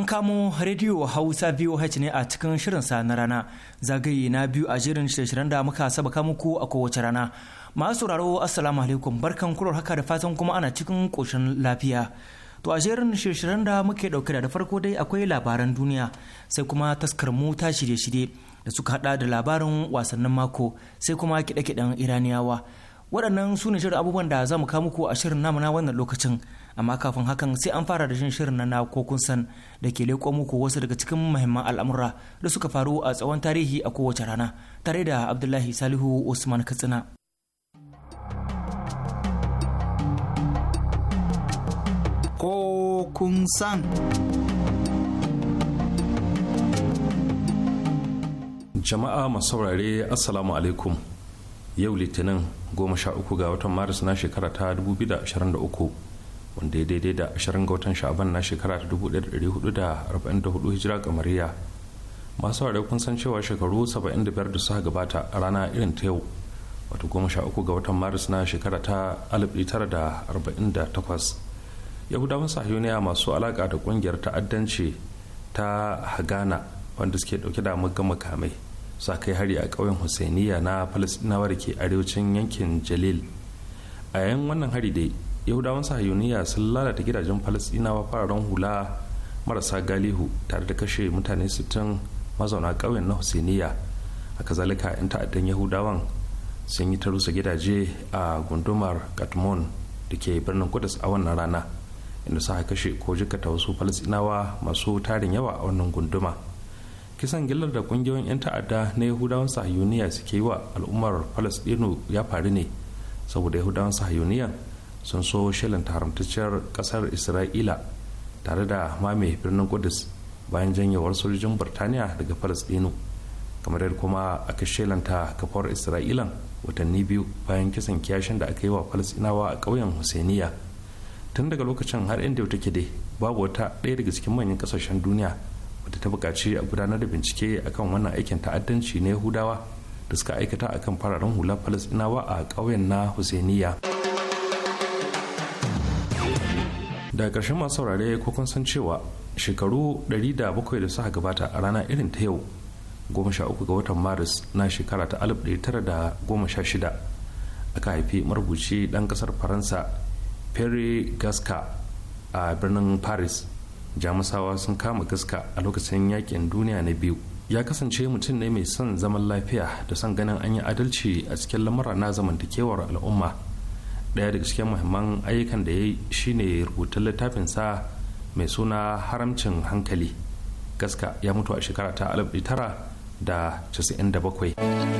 An kamo rediyo Hausa VOH ne a cikin shirin sa na rana zagaye na biyu a jirin shirin da muka saba ko a kowace rana. Masu sauraro Assalamu alaikum barkan kurar haka da fatan kuma ana cikin koshin lafiya. To a jerin shirin da muke ɗauke da farko dai akwai labaran duniya sai kuma taskar mota ta shirye-shirye da suka hada da labarin wasannin mako sai kuma kiɗe-kiɗen Iraniyawa. Waɗannan su ne shirin abubuwan da za mu kamo ko a shirin namu na wannan lokacin amma kafin hakan sai an fara da jin shirin na ko kun san da ke leƙo muku wasu daga cikin muhimman al'amura da suka faru a tsawon tarihi a kowace rana tare da abdullahi salihu usman katsina kokun san jama'a masu saurare assalamu alaikum yau litinin 13 ga watan maris na shekara ta 2023 wanda ya daidai da 20 ga watan sha'aban na shekara ta 1444 hijira kamariya masu ware kun san cewa shekaru 75 da suka gabata a rana irin ta yau wata wato uku ga watan maris na shekara ta 1948 yahudawan sahiyoniya masu alaka da kungiyar ta'addanci ta hagana wanda suke dauke da makamai sa kai hari a ƙauyen husainiya na palestinawa da ke arewacin yankin jalil a yayin wannan hari dai yahudawan sahayuniya sun lalata gidajen falasinawa fararen hula marasa galihu tare da kashe mutane 60 mazauna ƙauyen na husiniya a kazalika 'yan ta'addan yahudawan sun yi ta rusa gidaje a gundumar katmon da ke birnin kudus a wannan rana inda suka kashe ko jikata wasu falastinawa masu tarin yawa a wannan gunduma kisan gillar da kungiyoyin 'yan ta'adda na yahudawan sahayuniya suke yi wa al'ummar falasɗinu ya faru ne saboda yahudawan sahayuniyan sun so shirin taramtacciyar kasar isra'ila tare da mame birnin kudus bayan janyewar sojojin birtaniya daga palestino kamar yadda kuma aka shelanta kafar isra'ilan watanni biyu bayan kisan kiyashin da aka yi wa palestinawa a ƙauyen husainiya tun daga lokacin har inda take dai babu wata ɗaya daga cikin manyan ƙasashen duniya wata ta buƙaci a gudanar da bincike akan wannan aikin ta'addanci na yahudawa da suka aikata akan fararen hular palestinawa a ƙauyen na husainiya. daga ƙarshen masu saurare ko kun san cewa shekaru 107 da suka gabata a rana irin ta yau 13 ga watan maris na shekara ta 1916 aka haifi marubuci ɗan ƙasar faransa perry gaska a birnin paris jamusawa sun kama gaska a lokacin yakin duniya na biyu ya kasance mutum ne mai son zaman lafiya da son ganin an yi adalci a cikin lamura na zamantakewar al'umma daya daga cikin muhimman ayyukan da ya yi shine rubutun sa mai suna haramcin hankali gaska ya mutu a shekara ta 1997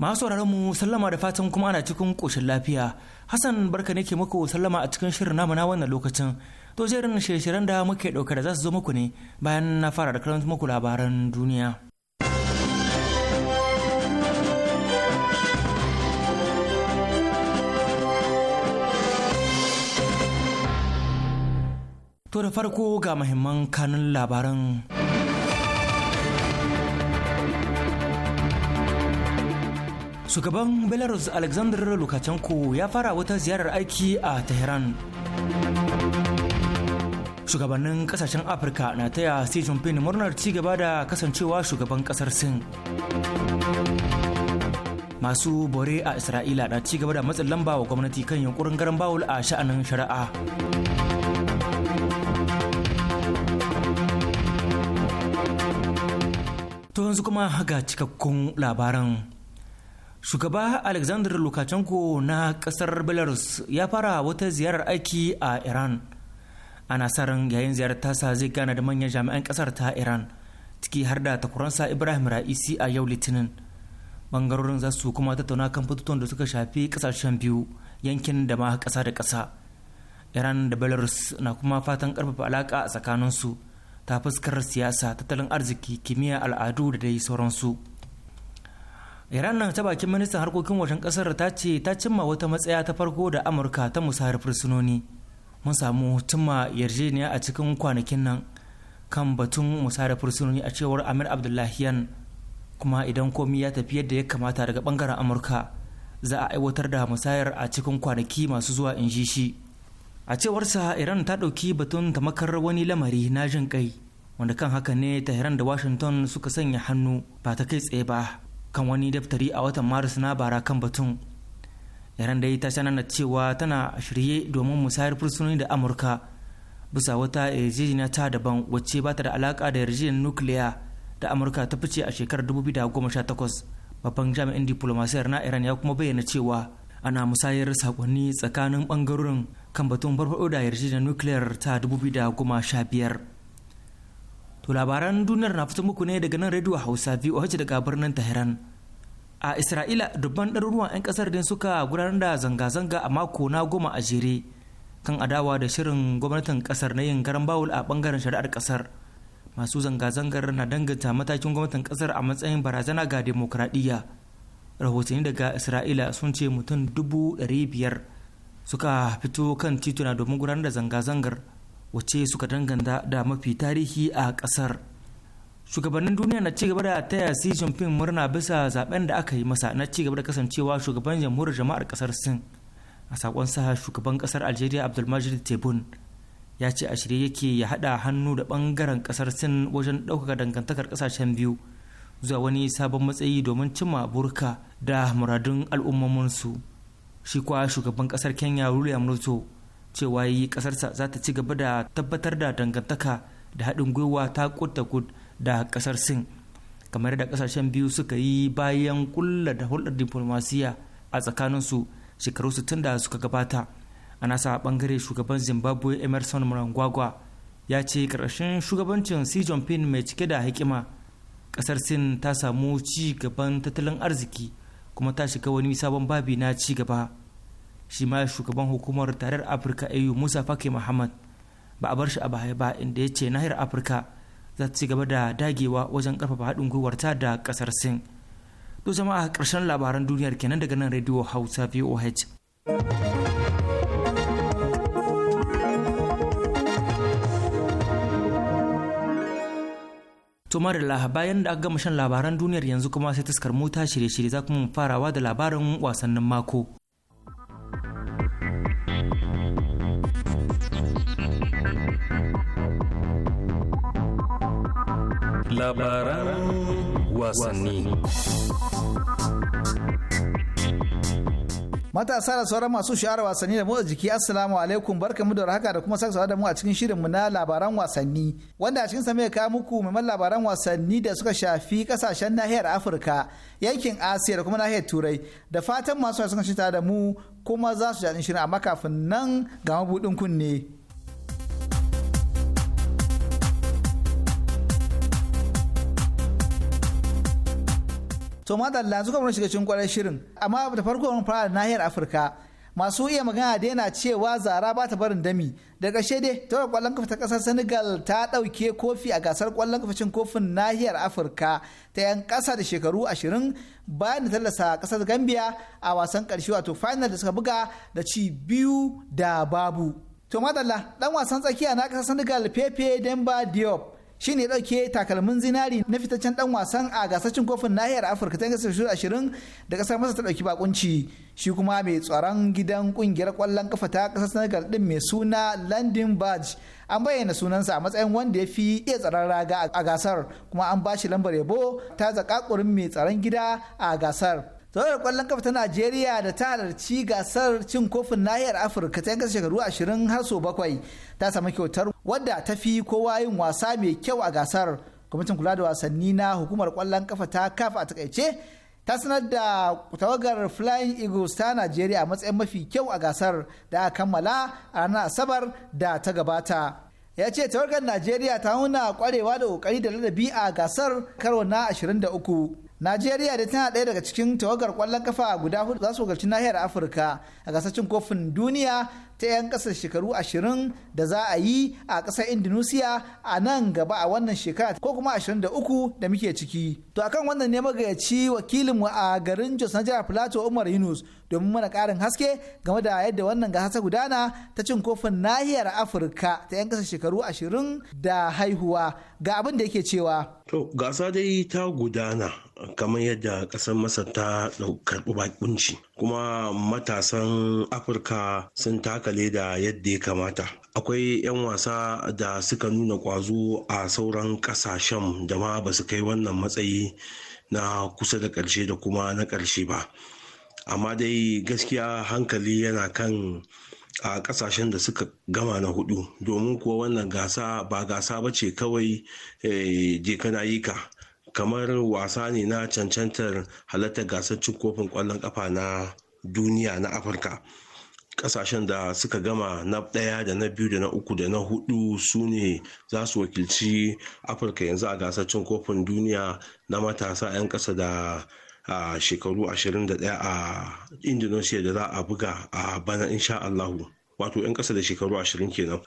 masu mu sallama da fatan kuma ana cikin ƙoshin lafiya hassan barka nake ke muku sallama a cikin shirin namu na wannan lokacin to jerin shirye-shiryen da muke ɗauka da za su zo muku ne bayan na fara da karanta muku labaran duniya To da farko ga mahimman kanun labaran. shugaban belarus alexander lukashenko ya fara wata ziyarar aiki a tehran shugabannin kasashen afirka na taya xi jinping murnar cigaba da kasancewa shugaban kasar sin masu bore a isra'ila na gaba da matsin lamba wa gwamnati kan yunkurin garan bawul a sha'anin shari'a to yanzu kuma ga cikakkun labaran shugaba alexander lukashenko na kasar belarus ya fara wata ziyarar aiki a iran ana sa ran yayin ziyarar tasa zai gana da manyan jami'an kasar ta iran ciki har da takuransa ibrahim ra'isi a yau litinin bangarorin za su kuma tattauna kan fitoton da suka shafi kasashen biyu yankin da ma kasa da kasa iran da belarus na kuma fatan karfafa alaka a tsakaninsu ta fuskar siyasa tattalin arziki kimiyya al'adu da dai sauransu iran nan ta bakin ministan harkokin wajen kasar ta ce ta cimma wata matsaya ta farko da amurka ta musayar fursunoni mun samu cimma yarjejeniya a cikin kwanakin nan kan batun musayar fursunoni a cewar amir abdullahiyan kuma idan komi ya tafi yadda ya kamata daga bangaren amurka za a aiwatar da musayar a cikin kwanaki masu zuwa in ji shi a cewarsa iran ta ɗauki batun tamakar wani lamari na jin kai wanda kan haka ne tehran da washington suka sanya hannu ba ta kai tsaye ba kan wani daftari a watan maris na bara kan batun iran dai ta sanar cewa tana shirye domin musayar fursunoni da amurka bisa wata yarjejeniya ta daban wacce ba ta da alaka da yarjejeniyar nukiliya da amurka ta fice a shekarar 2018 babban jami'in diplomasiyar na iran ya kuma bayyana cewa ana musayar sakonni tsakanin bangarorin kan batun farfado da yarjejeniyar nukiliyar ta 2015 To labaran duniyar na fito muku ne daga nan rediyo Hausa VOH daga birnin Tehran. A Isra'ila dubban ɗaruruwan 'yan ƙasar din suka gudanar da zanga-zanga a mako na goma a jere kan adawa da shirin gwamnatin ƙasar na yin garan bawul a ɓangaren shari'ar ƙasar. Masu zanga-zangar na danganta matakin gwamnatin ƙasar a matsayin barazana ga demokuraɗiyya. Rahotanni daga Isra'ila sun ce mutum dubu ɗari biyar suka fito kan tituna domin gudanar da zanga-zangar wacce suka danganta da mafi tarihi a kasar shugabannin duniya na cigaba da taya si jinping murna bisa zaben da aka yi masa na cigaba da kasancewa shugaban jamhuriyar jama'ar kasar sin a sakon sa shugaban kasar algeria abdulmajid tebun ya ce a shirye yake ya hada hannu da bangaren kasar sin wajen ɗaukaka dangantakar kasashen biyu zuwa wani sabon matsayi domin cimma burka da muradun al'ummominsu shi kuwa shugaban kasar kenya william ruto cewa yi kasarsa za ta ci gaba da tabbatar da dangantaka da haɗin gwiwa ta kud da kud da kasar sin kamar da kasashen biyu suka yi bayan kulla da hulɗar diplomasiya a tsakaninsu shekaru 60 da suka gabata a nasa bangare shugaban zimbabwe emerson mnangagwa ya ce ƙarshen shugabancin xi jinping mai cike da hikima ƙasar sin ta samu ci gaban tattalin arziki kuma ta shiga wani sabon babi na ci gaba shi ma shugaban hukumar tarar afirka au musa fake muhammad ba a bar shi a baya ba inda ya ce nahiyar afirka za ta ci gaba da dagewa wajen karfafa haɗin gwiwar ta da ƙasar sin to jama'a ƙarshen labaran duniyar kenan daga nan rediyo hausa voh To Marilla bayan da aka gama shan labaran duniyar yanzu kuma sai taskar mota shirye-shirye za kuma farawa da labarin wasannin mako. labaran wasanni matasa da sauran masu shahara wasanni da motsa jiki assalamu alaikum barkamu da haka da kuma saksawa da mu a cikin shirinmu na labaran wasanni wanda a cikin sa mai kawo muku maimakon labaran wasanni da suka shafi kasashen nahiyar afirka yankin asiya da kuma nahiyar turai da fatan masu wasan shi da mu kuma za su jaɗin shirin amma kafin nan ga mabuɗin kunne. to madalla yanzu kamar shiga cikin kwarar shirin amma da farko mun fara nahiyar afirka masu iya magana da yana cewa zara ba ta barin dami da ƙarshe dai tawar kwallon kafa ta ƙasar senegal ta ɗauke kofi a gasar kwallon kafa cin kofin nahiyar afirka ta yan ƙasa da shekaru ashirin bayan da tallasa ƙasar gambia a wasan ƙarshe wato final da suka buga da ci biyu da babu to madalla dan wasan tsakiya na ƙasar senegal pepe demba diop shine ɗauke takalmin zinari na fitaccen dan wasan a gasar cin kofin nahiyar afirka ta gasar shuru ashirin da kasar masa ta ɗauki bakunci shi kuma mai tsaron gidan kungiyar kwallon kafa ta kasar senegal din mai suna landin badge an bayyana sunansa a matsayin wanda ya fi iya tsaron raga a gasar kuma an ba shi lambar yabo ta zaƙaƙurin mai tsaron gida a gasar zaune kwallon kafa ta najeriya da ta halarci gasar cin kofin nahiyar afirka ta yanka shekaru ashirin har sau bakwai ta samu kyautar wadda ta fi kowa yin wasa mai kyau a gasar kwamitin kula da wasanni na hukumar kwallon kafa ta kaf a takaice ta sanar da tawagar flying eagles ta najeriya a matsayin mafi kyau a gasar da aka kammala a ranar asabar da ta gabata ya ce tawagar najeriya ta nuna kwarewa da kokari da ladabi a gasar karo na uku. najeriya da tana ɗaya daga cikin tawagar ƙwallon kafa a guda hudu za su wakilci nahiyar afirka a gasashen kofin duniya ta 'yan ƙasar shekaru ashirin da za a yi a ƙasar indonesia a nan gaba a wannan shekara ko kuma ashirin da uku da muke ciki to akan wannan ne magayaci wakilinmu a garin jos na jihar plateau umar yunus domin mana ƙarin haske game da yadda wannan gasa ta gudana ta cin kofin nahiyar afirka ta 'yan ƙasar shekaru ashirin da haihuwa ga abin da yake cewa to gasa dai ta gudana kamar yadda ƙasar masar ta karɓi bakunci kuma matasan afirka sun taka leda yadda ya kamata akwai 'yan wasa da suka nuna ƙwazo a sauran ƙasashen da ma ba su kai wannan matsayi na kusa da ƙarshe da kuma na ƙarshe ba amma dai gaskiya hankali yana kan a kasashen da suka gama na hudu domin kuwa wannan gasa ba gasa ba ce kawai eh, je kana yi ka kamar wasa ne na cancantar halartar gasar cin kofin kwallon kafa na duniya na afirka kasashen da suka gama na ɗaya da na biyu da na uku da na hudu su ne za su wakilci afirka yanzu a gasar cin kofin duniya na matasa 'yan kasa da a shekaru 21 a indonesia da za a buga a bana insha allahu wato 'yan kasa da shekaru 20 kenan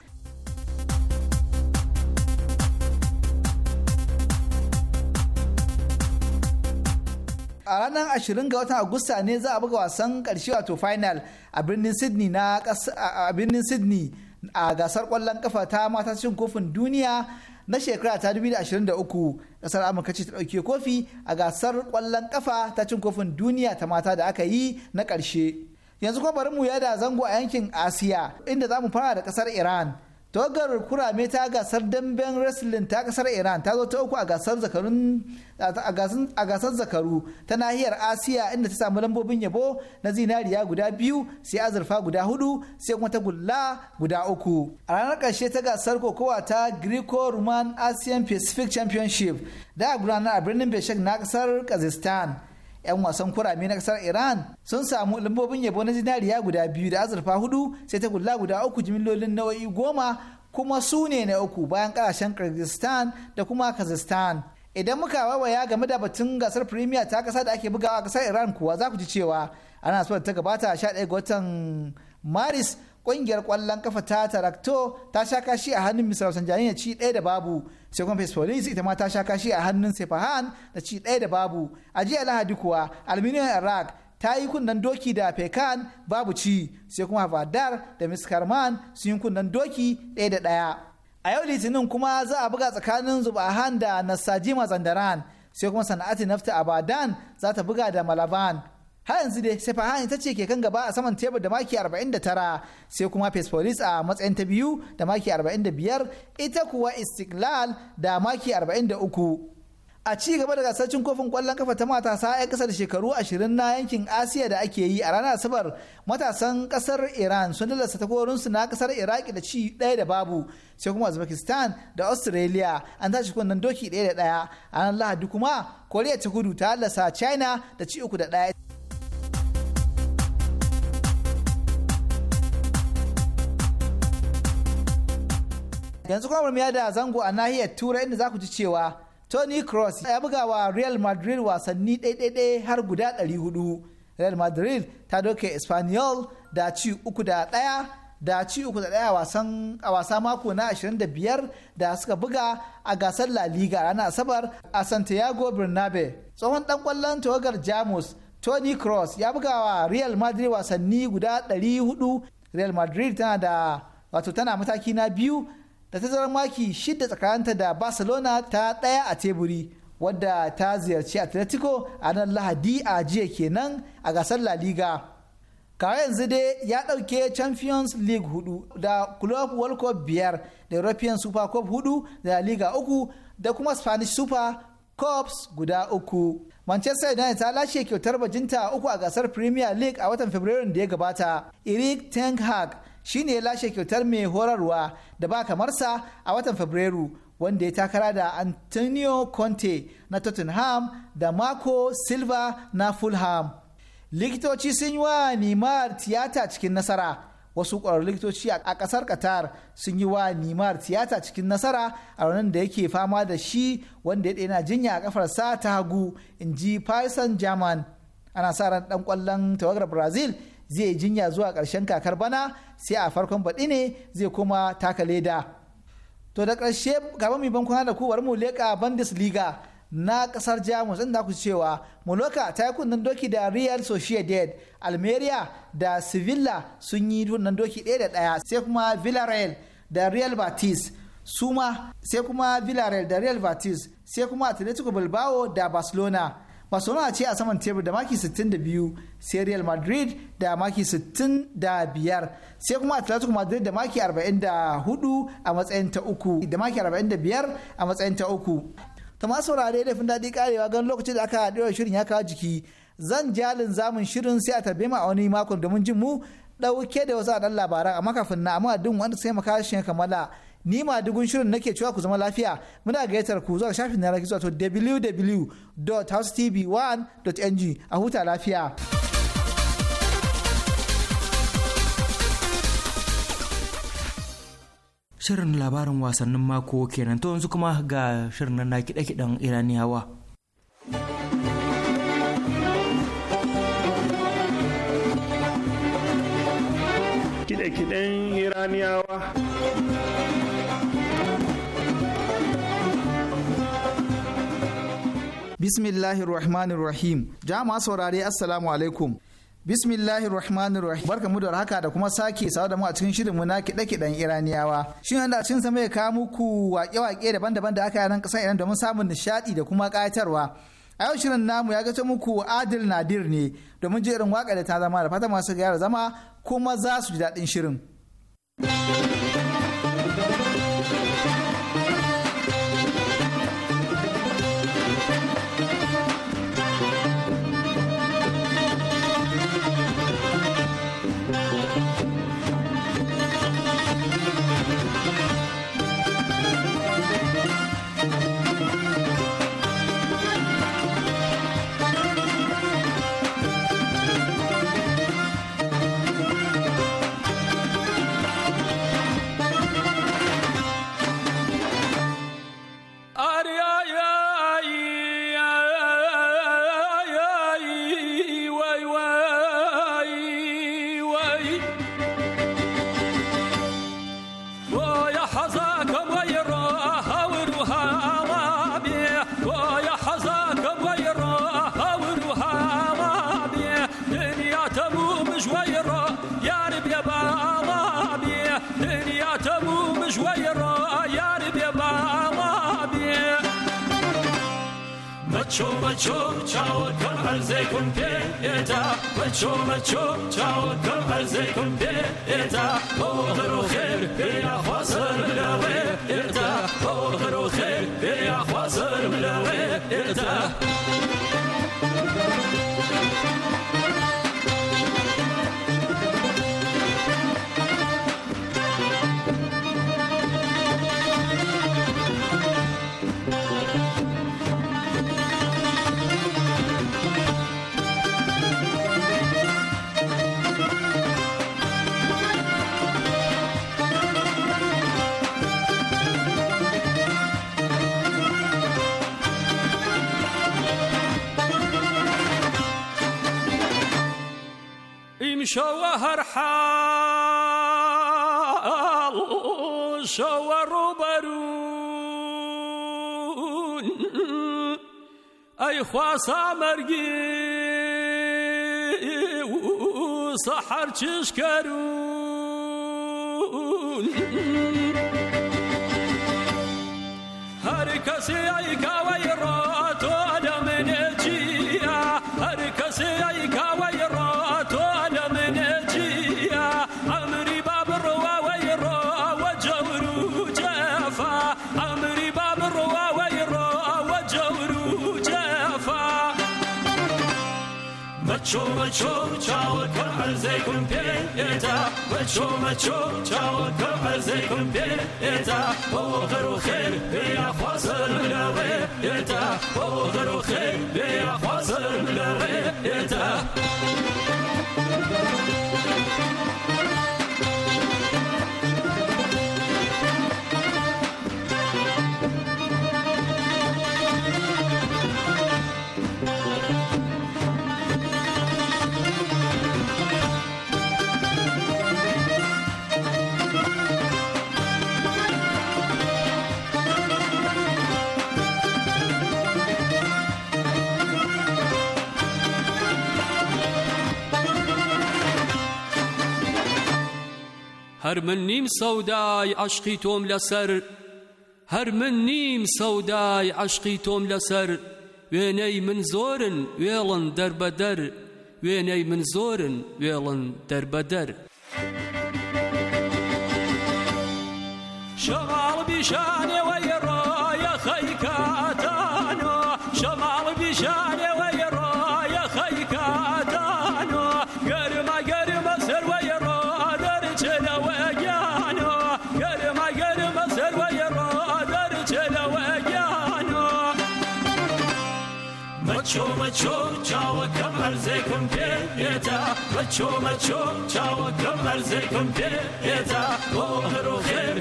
a ranar 20 ga watan agusta ne za a buga wasan karshe wato final a birnin sydney na a birnin sydney a gasar kwallon kafa ta mata cin kofin duniya na shekara ta 2023 kasar amurka ce ta ɗauke kofi a gasar kwallon kafa ta cin kofin duniya ta mata da aka yi na ƙarshe yanzu kuma bari mu yada zango a yankin asiya inda za mu fara da ƙasar iran tawagar kurame ta gasar damben wrestling ta kasar iran ta zo ta uku a gasar zakaru ta nahiyar asiya inda ta samu lambobin yabo na zinariya guda biyu sai azurfa guda hudu sai kuma ta gulla guda uku a ranar karshe ta gasar kokowa ta greco-roman asian pacific championship da gudanar a birnin beshek na kasar kazakhstan 'yan wasan kurame na kasar iran sun samu lambobin yabo na zinariya guda biyu da azurfa hudu sai ta gulla guda uku jimillolin nau'i goma kuma su ne na uku bayan ƙasashen kyrgyzstan da kuma kazakhstan idan muka wawaya game da batun gasar premier ta kasa da ake bugawa a kasar iran kuwa za ku ji cewa ana so ta gabata sha ɗaya ga watan maris ƙungiyar kwallon kafa ta tarakto ta sha kashi a hannun misal sanjani da ci ɗaya da babu sai kuma police ita ma ta sha kashi a hannun sefahan da ci ɗaya da babu a jiya lahadi kuwa aluminium iraq ta yi kunnen doki da pekan babu ci sai kuma fadar da miskarman sun yi kunnen doki ɗaya da ɗaya a yau litinin kuma za a buga tsakanin zubahan da nasajima zandaran sai kuma sana'ati nafta abadan za ta buga da malaban har yanzu dai sefahan ta ce ke kan gaba a saman tebur da maki 49 sai kuma fesfolis a matsayin ta biyu da maki 45 ita kuwa istiklal da maki 43 a ci gaba da gasar cin kofin kwallon kafa ta matasa 'yan kasar shekaru 20 na yankin asiya da ake yi a ranar asabar matasan kasar iran sun lalasa takwarunsu na kasar iraki da ci ɗaya da babu sai kuma uzbekistan da australia an tashi kunnen doki ɗaya da ɗaya a ranar lahadi kuma koriya ta kudu ta lalasa china da ci uku da ɗaya yanzu kuma mu da zango a nahiyar turai inda za ku ji cewa tony cross ya buga wa real madrid wasanni ɗaiɗaiɗai har guda 400 real madrid ta doke espanyol da ci uku da ɗaya da ci uku da ɗaya a wasa mako na 25 da suka buga a gasar la liga ranar asabar a santiago bernabe tsohon ɗan kwallon tawagar jamus tony cross ya buga wa real madrid wasanni guda 400 real madrid tana da wato tana mataki na biyu da tazarar maki shida tsakaninta da barcelona ta ɗaya a teburi wadda ta ziyarci atletico a nan lahadi a jiya kenan a gasar la liga kawai yanzu dai ya ɗauke champions league hudu da club world cup biyar da european super cup hudu da liga uku da kuma spanish super cups guda uku manchester united ta lashe kyautar bajinta uku a gasar premier league a watan fabrairun da ya gabata eric ten hag shine ya lashe kyautar mai horarwa da ba kamar sa a watan fabrairu wanda ya takara da antonio conte na tottenham da marco silva na fulham likitoci sun yi wa nimar tiyata cikin nasara wasu ƙwararrun likitoci a ƙasar qatar sun yi wa nimar tiyata cikin nasara a ranar da yake fama da shi wanda ya na jinya a kafar sa ta hagu in ji Faisal german ana sa ran ɗan ƙwallon tawagar brazil zai jinya zuwa ƙarshen kakar bana sai a farkon baɗi ne zai kuma taka leda to da ƙarshe gaba mai bankuna da kowar mu leƙa bundesliga na ƙasar jamus inda ku cewa moloka ta yi kunnen doki da real sociedad almeria da sevilla sun yi kunnen doki ɗaya da ɗaya sai kuma villarreal da real batis suma sai kuma villarreal da real batis sai kuma atletico bilbao da barcelona barcelona ce a saman tebur da maki 62 sai real madrid da maki 65 sai kuma atletico madrid da maki 44 a matsayin ta uku da maki 45 a matsayin ta uku ta masu saurare da fin daɗi karewa gan lokacin da aka haɗewa shirin ya kawo jiki zan jalin zamun shirin sai a tarbe mu a wani makon domin jin mu ɗauke da wasu a ɗan labaran amma kafin na amma duk wanda sai maka shi kamala ni ma dugun shirin nake cewa ku zama lafiya muna gayyatar ku zuwa shafin na rakizu wato www.housetv1.ng a huta lafiya. Shirin labarin wasannin mako kenan to yanzu kuma ga shirin na kiɗe-kiɗen Iraniyawa. Kiɗe-kiɗen Iraniyawa. Bismillahir Rahmanir Rahim. Jama'a saurare Assalamu alaikum. Bismillahir Rahmanir Rahim. mu da haka da kuma sake sawa da mu a cikin shirin mu na kiɗe-kiɗen Iraniyawa. Shin anda cikin sa mai kawo muku waƙe-waƙe daban-daban da aka yi nan ƙasar Iran domin samun nishaɗi da kuma ƙayatarwa. A yau shirin namu ya gace muku Adil Nadir ne domin je irin waƙa da ta zama da fata masu gyara zama kuma za su ji daɗin shirin. بچۆ مەچۆ چاوەکەم هەرزێکم پێ ئێتا بۆ هەرو خێر پێیاخوا شوهر حال شوهر برون أي خواسا مرقي وصحر تشكرون هاري كسي أي كاوي راتو أدمني كمل زيكم بيتا وتشو ما تشو تشاو كمل زيكم بيتا وغير وخير يا فاصل من الريتا وغير وخير يا فاصل من الريتا هەر من نیم سەودای عشقی تۆم لەسەر هەر من نیم سەودای عشقی تۆم لەسەر وێنەی من زۆرن وێڵن دەربەدەر وێنەی من زۆرن وێڵن دەربەدەر شەغاڵ بیشانەوەی مرزكم ديتا مچو مچو چاو كم مرزكم ديتا وهرو خير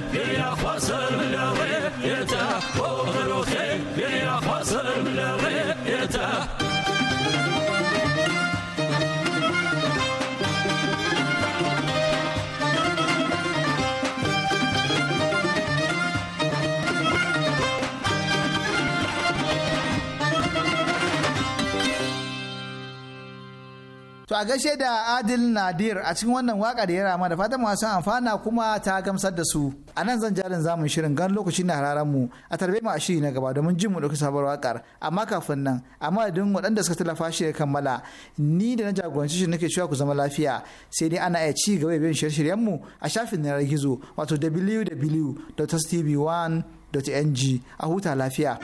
a gaishe da Adil Nadir a cikin wannan waka da ya rama da fatan masu amfana kuma ta gamsar da su. A nan zan jarin zamun shirin gan lokaci na hararen mu a tarbe mu a shiri na gaba domin jin mu ɗauki sabuwar wakar amma kafin nan amma da waɗanda suka tallafa shi ya kammala ni da na jagoranci shi nake cewa ku zama lafiya sai dai ana iya ci gaba bin shirye-shiryen mu a shafin yanar gizo wato www.tv1.ng a huta lafiya.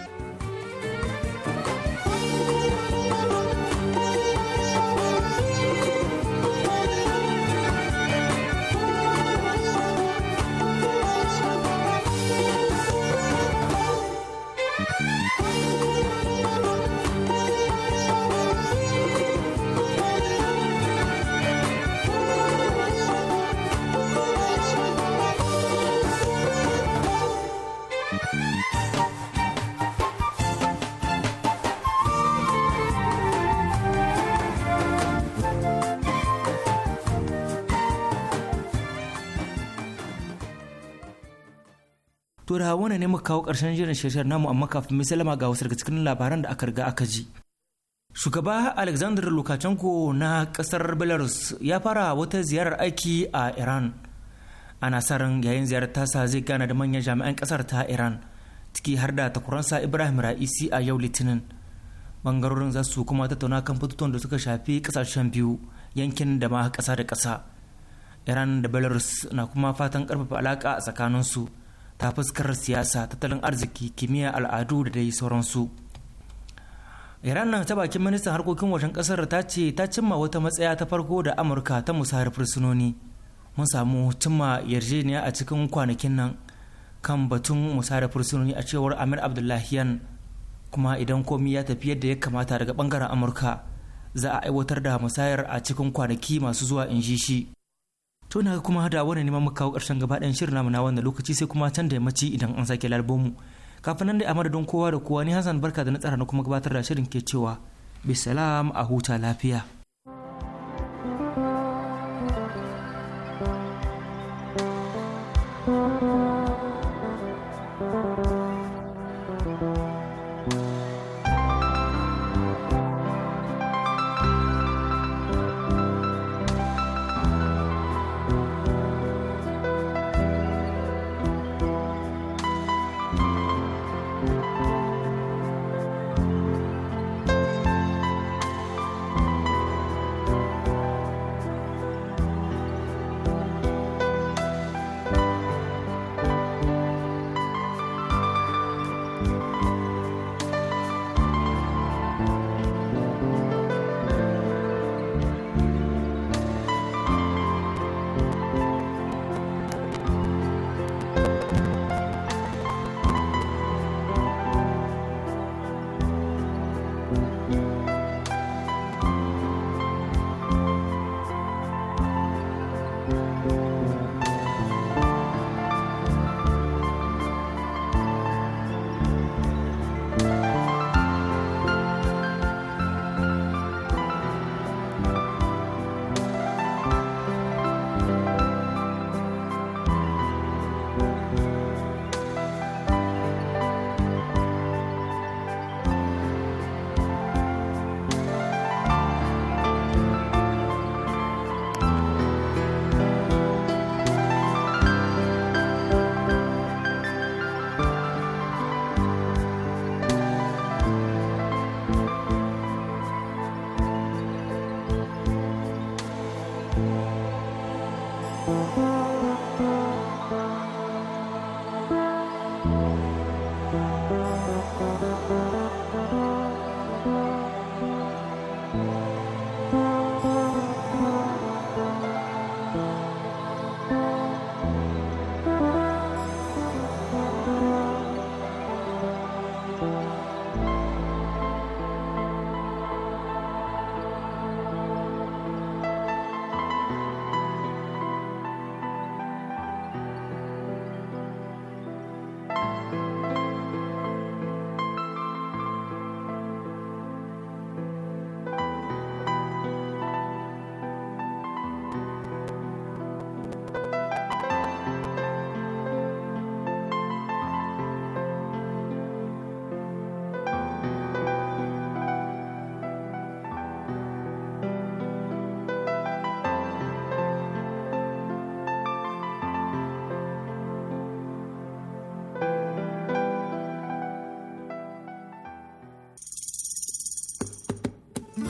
to wani ne muka kawo ƙarshen jiran shirin namu amma kafin mai salama ga wasu daga cikin labaran da aka riga aka ji. Shugaba Alexander Lukashenko na ƙasar Belarus ya fara wata ziyarar aiki a Iran. Ana sa ran yayin ziyarar tasa zai gana da manyan jami'an ƙasar ta Iran, ciki har da takuransa Ibrahim Ra'isi a yau Litinin. Bangarorin za su kuma tattauna kan batutuwan da suka shafi ƙasashen biyu, yankin da ma ƙasa da ƙasa. Iran da Belarus na kuma fatan ƙarfafa alaƙa a tsakaninsu. su. ta fuskar siyasa tattalin arziki kimiyya al'adu da dai sauransu iran nan ta bakin ministan harkokin wajen kasar ta ce ta cimma wata matsaya ta farko da amurka ta musayar fursunoni mun samu cimma yarjejeniya a cikin kwanakin nan kan batun musayar fursunoni a cewar amir abdullahiyan kuma idan komi ya tafi yadda ya kamata daga bangaren amurka za a aiwatar da musayar a cikin kwanaki masu zuwa in shi to na kuma da wani neman muka kawo karshen gaba ɗayan shirin namu na wannan lokaci sai kuma can da yammaci idan an sake lalbomu kafin nan da a madadin kowa da kowa ni Hassan barka da na tsara na kuma gabatar da shirin ke cewa bisalam a huta lafiya